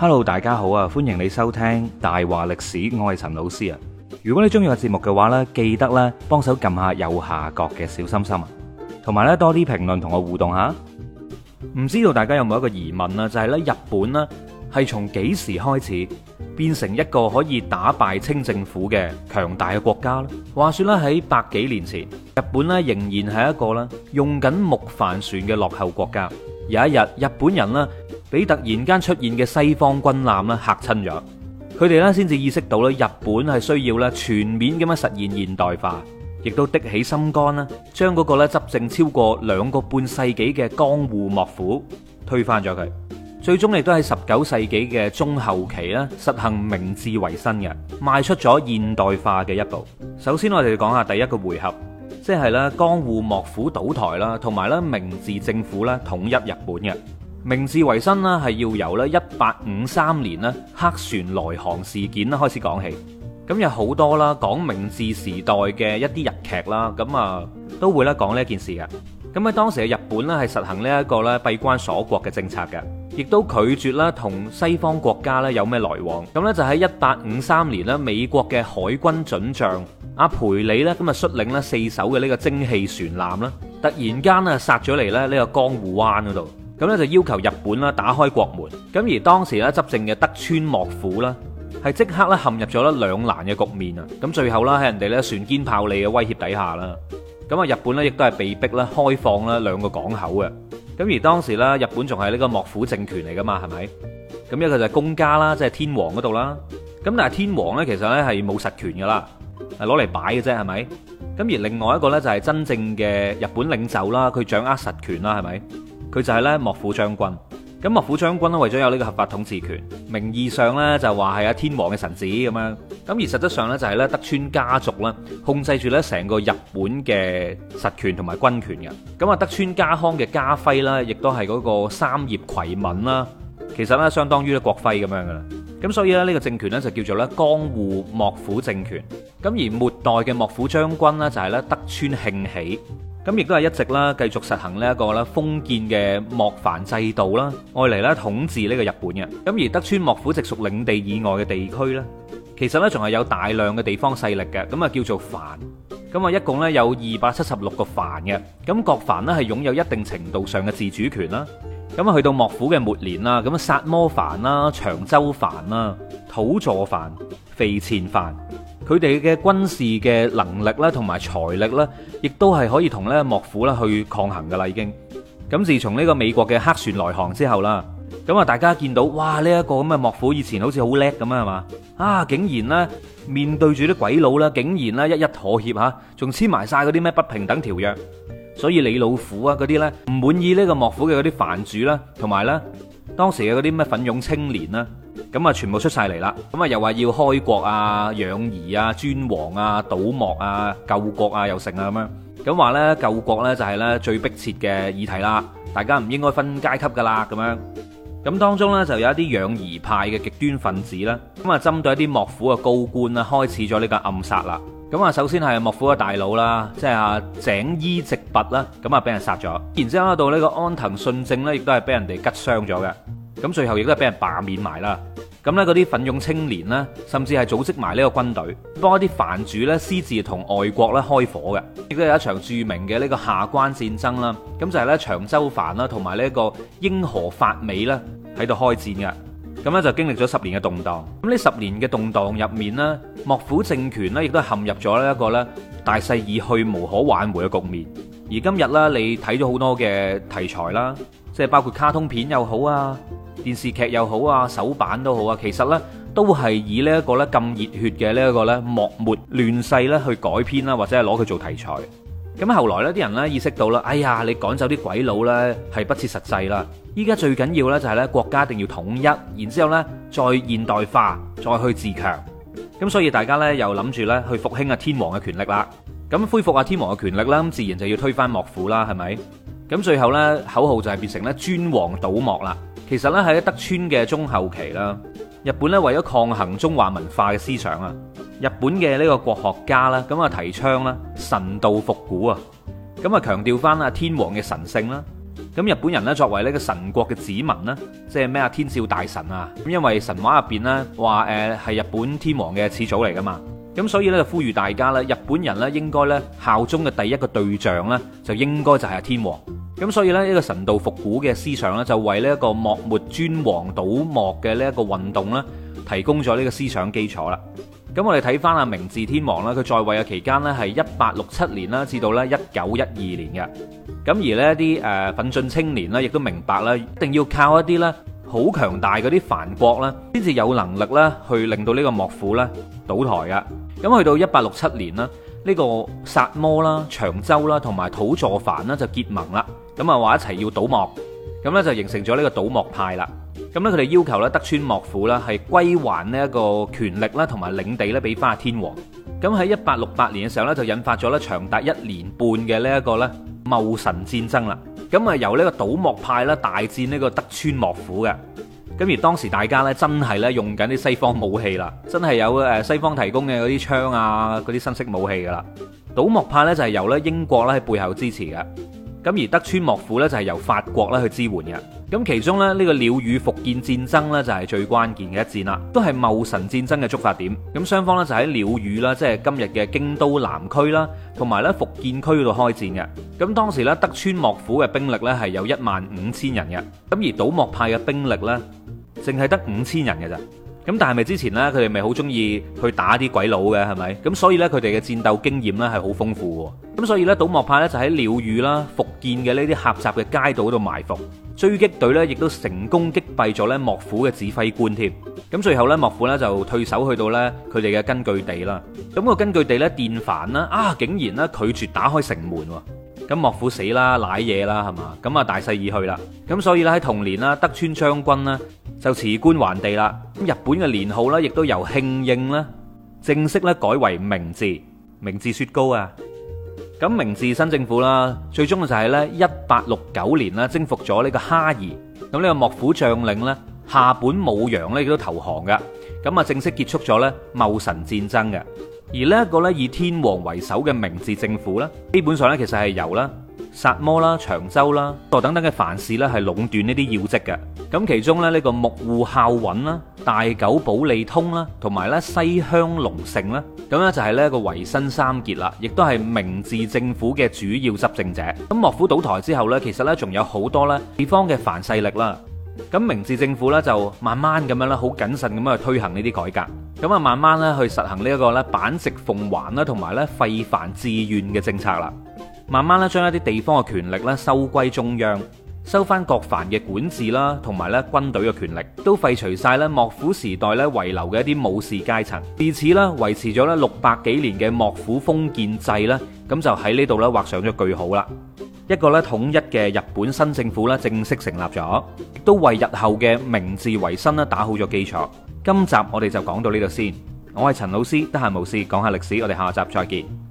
Hello，大家好啊！歡迎你收聽大話歷史，我係陳老師啊！如果你中意我節目嘅話呢，記得咧幫手撳下右下角嘅小心心啊，同埋呢多啲評論同我互動下。唔知道大家有冇一個疑問啊？就係呢日本呢係從幾時開始變成一個可以打敗清政府嘅強大嘅國家呢？話說咧喺百幾年前，日本呢仍然係一個呢用緊木帆船嘅落後國家。有一日，日本人呢。俾突然間出現嘅西方軍艦啦嚇親咗，佢哋咧先至意識到咧日本係需要咧全面咁樣實現現代化，亦都的起心肝啦，將嗰個咧執政超過兩個半世紀嘅江戶幕府推翻咗佢，最終亦都喺十九世紀嘅中後期咧實行明治維新嘅，邁出咗現代化嘅一步。首先我哋講下第一個回合，即係咧江戶幕府倒台啦，同埋咧明治政府咧統一日本嘅。明治維新啦，係要由咧一八五三年咧黑船來航事件啦開始講起。咁有好多啦，講明治時代嘅一啲日劇啦，咁啊都會咧講呢件事嘅。咁喺當時嘅日本咧，係實行呢一個咧閉關鎖國嘅政策嘅，亦都拒絕咧同西方國家咧有咩來往。咁咧就喺一八五三年咧，美國嘅海軍準將阿培里咧咁啊率領咧四艘嘅呢個蒸汽船艦啦，突然間啊殺咗嚟咧呢個江戶灣嗰度。咁咧就要求日本啦，打開國門。咁而當時咧執政嘅德川幕府啦，係即刻咧陷入咗咧兩難嘅局面啊！咁最後咧喺人哋咧船堅炮利嘅威脅底下啦，咁啊日本咧亦都係被逼咧開放咧兩個港口嘅。咁而當時咧日本仲係呢個幕府政權嚟噶嘛？係咪？咁一個就係公家啦，即係天皇嗰度啦。咁但係天皇咧其實咧係冇實權噶啦，係攞嚟擺嘅啫，係咪？咁而另外一個咧就係真正嘅日本領袖啦，佢掌握實權啦，係咪？佢就係咧幕府將軍，咁幕府將軍咧為咗有呢個合法統治權，名義上咧就話係阿天皇嘅臣子咁樣，咁而實質上咧就係咧德川家族咧控制住咧成個日本嘅實權同埋軍權嘅，咁啊德川家康嘅家徽啦，亦都係嗰個三葉葵紋啦，其實咧相當於咧國徽咁樣噶啦，咁所以咧呢個政權咧就叫做咧江戶幕府政權，咁而末代嘅幕府將軍呢，就係咧德川慶喜。咁亦都係一直啦，繼續實行呢一個咧封建嘅幕藩制度啦，愛嚟咧統治呢個日本嘅。咁而德川幕府直屬領地以外嘅地區咧，其實咧仲係有大量嘅地方勢力嘅。咁啊叫做藩，咁啊一共咧有二百七十六個藩嘅。咁各藩咧係擁有一定程度上嘅自主權啦。咁啊去到幕府嘅末年啦，咁啊薩摩藩啦、長州藩啦、土佐藩、肥前藩。佢哋嘅軍事嘅能力咧，同埋財力咧，亦都係可以同咧幕府咧去抗衡嘅啦，已經。咁自從呢個美國嘅黑船來航之後啦，咁啊大家見到哇呢一個咁嘅幕府以前好似好叻咁啊係嘛，啊竟然咧面對住啲鬼佬咧，竟然咧一一妥協吓，仲簽埋晒嗰啲咩不平等條約，所以李老虎啊嗰啲咧唔滿意這個幕呢個幕府嘅嗰啲藩主啦，同埋咧。當時嘅嗰啲咩憤勇青年啦，咁啊全部出晒嚟啦，咁啊又話要開國啊、攘夷啊、尊王啊、倒幕啊、救國啊又成啊咁樣，咁話呢，救國呢就係呢最迫切嘅議題啦，大家唔應該分階級噶啦咁樣，咁當中呢，就有一啲攘夷派嘅極端分子啦，咁啊針對一啲幕府嘅高官啊，開始咗呢個暗殺啦。咁啊，首先係幕府嘅大佬啦，即係啊井伊直弼啦，咁啊俾人殺咗。然之後到呢個安藤信正咧，亦都係俾人哋拮傷咗嘅。咁最後亦都係俾人罷免埋啦。咁咧嗰啲憤勇青年呢，甚至係組織埋呢個軍隊，幫一啲藩主咧私自同外國咧開火嘅。亦都係一場著名嘅呢個下關戰爭啦。咁就係、是、咧長州藩啦，同埋呢個英荷法美咧喺度開戰嘅。咁咧就經歷咗十年嘅動盪，咁呢十年嘅動盪入面呢，幕府政權呢亦都陷入咗呢一個呢大勢已去無可挽回嘅局面。而今日呢你睇咗好多嘅題材啦，即係包括卡通片又好啊，電視劇又好啊，手板都好啊，其實呢都係以呢一個呢咁熱血嘅呢一個呢幕末亂世呢去改編啦，或者係攞佢做題材。咁後來呢啲人呢，意識到啦，哎呀，你趕走啲鬼佬咧係不切實際啦。依家最緊要呢，就係咧國家一定要統一，然之後呢，再現代化，再去自強。咁所以大家呢，又諗住呢去復興啊天皇嘅權力啦，咁恢復啊天皇嘅權力啦，咁自然就要推翻幕府啦，係咪？咁最後呢，口號就係變成咧尊王倒幕啦。其實呢，喺德川嘅中後期啦，日本呢，為咗抗衡中華文化嘅思想啊，日本嘅呢個國學家啦，咁啊提倡啦神道復古啊，咁啊強調翻啊天皇嘅神性啦。咁日本人咧，作為呢個神國嘅子民呢，即係咩啊天照大神啊！咁因為神話入面呢話誒係日本天皇嘅始祖嚟噶嘛，咁所以呢，就呼籲大家呢日本人咧應該呢效忠嘅第一個對象呢，就應該就係天皇。咁所以呢，呢個神道復古嘅思想呢，就為呢一個幕末尊王倒幕嘅呢一個運動呢，提供咗呢個思想基礎啦。咁我哋睇翻阿明治天皇啦，佢在位嘅期間咧，係一八六七年啦，至到咧一九一二年嘅。咁而咧啲誒，奮進青年咧，亦都明白啦，一定要靠一啲咧好強大嗰啲藩國啦，先至有能力咧去令到呢個幕府咧倒台嘅。咁去到一八六七年啦，呢個薩摩啦、長州啦同埋土佐藩啦就結盟啦，咁啊話一齊要倒幕。咁咧就形成咗呢個倒幕派啦。咁咧佢哋要求咧德川幕府呢係歸還呢一個權力啦同埋領地咧俾翻阿天皇。咁喺一八六八年嘅時候咧就引發咗咧長達一年半嘅呢一個咧戊辰戰爭啦。咁啊由呢個倒幕派啦大戰呢個德川幕府嘅。咁而當時大家咧真係咧用緊啲西方武器啦，真係有誒西方提供嘅嗰啲槍啊嗰啲新式武器噶啦。倒幕派咧就係由咧英國咧喺背後支持嘅。咁而德川幕府咧就係由法國咧去支援嘅，咁其中咧呢、這個鳥羽福建戰爭咧就係最關鍵嘅一戰啦，都係戊辰戰爭嘅觸發點。咁雙方咧就喺鳥羽啦，即、就、係、是、今日嘅京都南區啦，同埋咧伏見區嗰度開戰嘅。咁當時咧德川幕府嘅兵力咧係有一萬五千人嘅，咁而倒幕派嘅兵力咧淨係得五千人嘅咋。咁但係咪之前咧，佢哋咪好中意去打啲鬼佬嘅，係咪？咁所以咧，佢哋嘅戰鬥經驗咧係好豐富嘅。咁所以咧，倒幕派咧就喺鳥羽啦、伏見嘅呢啲狹窄嘅街道度埋伏追擊隊咧，亦都成功擊斃咗咧幕府嘅指揮官。添咁最後咧，幕府咧就退守去到咧佢哋嘅根據地啦。咁個根據地咧，淀藩啦啊，竟然咧拒絕打開城門。咁幕府死啦，瀨嘢啦，係嘛？咁啊，大勢已去啦。咁所以咧喺同年啦，德川將軍啦。就辭官還地啦。咁日本嘅年號咧，亦都由慶應咧，正式咧改為明治。明治雪糕啊。咁明治新政府啦，最終就係咧一八六九年啦，征服咗呢個哈兒。咁呢個幕府將領咧，下本武揚咧亦都投降嘅。咁啊，正式結束咗咧戊辰戰爭嘅。而呢一個咧以天皇為首嘅明治政府咧，基本上咧其實係由啦。薩摩啦、長州啦，再等等嘅藩士咧係壟斷呢啲要職嘅。咁其中咧呢、呢個木戶孝允啦、大久保利通啦，同埋咧西鄉隆盛啦，咁咧就係咧個維新三傑啦，亦都係明治政府嘅主要執政者。咁幕府倒台之後咧，其實咧仲有好多咧地方嘅反勢力啦。咁明治政府咧就慢慢咁樣咧，好謹慎咁樣去推行呢啲改革。咁啊，慢慢咧去實行呢一個咧版籍奉還啦，同埋咧廢藩置縣嘅政策啦。慢慢咧，將一啲地方嘅權力咧收歸中央，收翻各藩嘅管治啦，同埋咧軍隊嘅權力都廢除晒。咧幕府時代咧遺留嘅一啲武士階層。至此咧維持咗咧六百幾年嘅幕府封建制咧，咁就喺呢度咧畫上咗句號啦。一個咧統一嘅日本新政府咧正式成立咗，都為日後嘅明治維新咧打好咗基礎。今集我哋就講到呢度先，我係陳老師，得閒無事講下歷史，我哋下集再見。